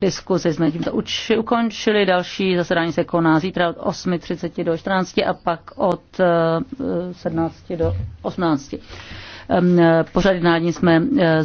Diskuzi jsme tímto uči, ukončili, další zasedání se koná zítra od 8.30 do 14 a pak od 17 eh, do 18. Ehm, eh, pořad jednání jsme eh, zveřejnili.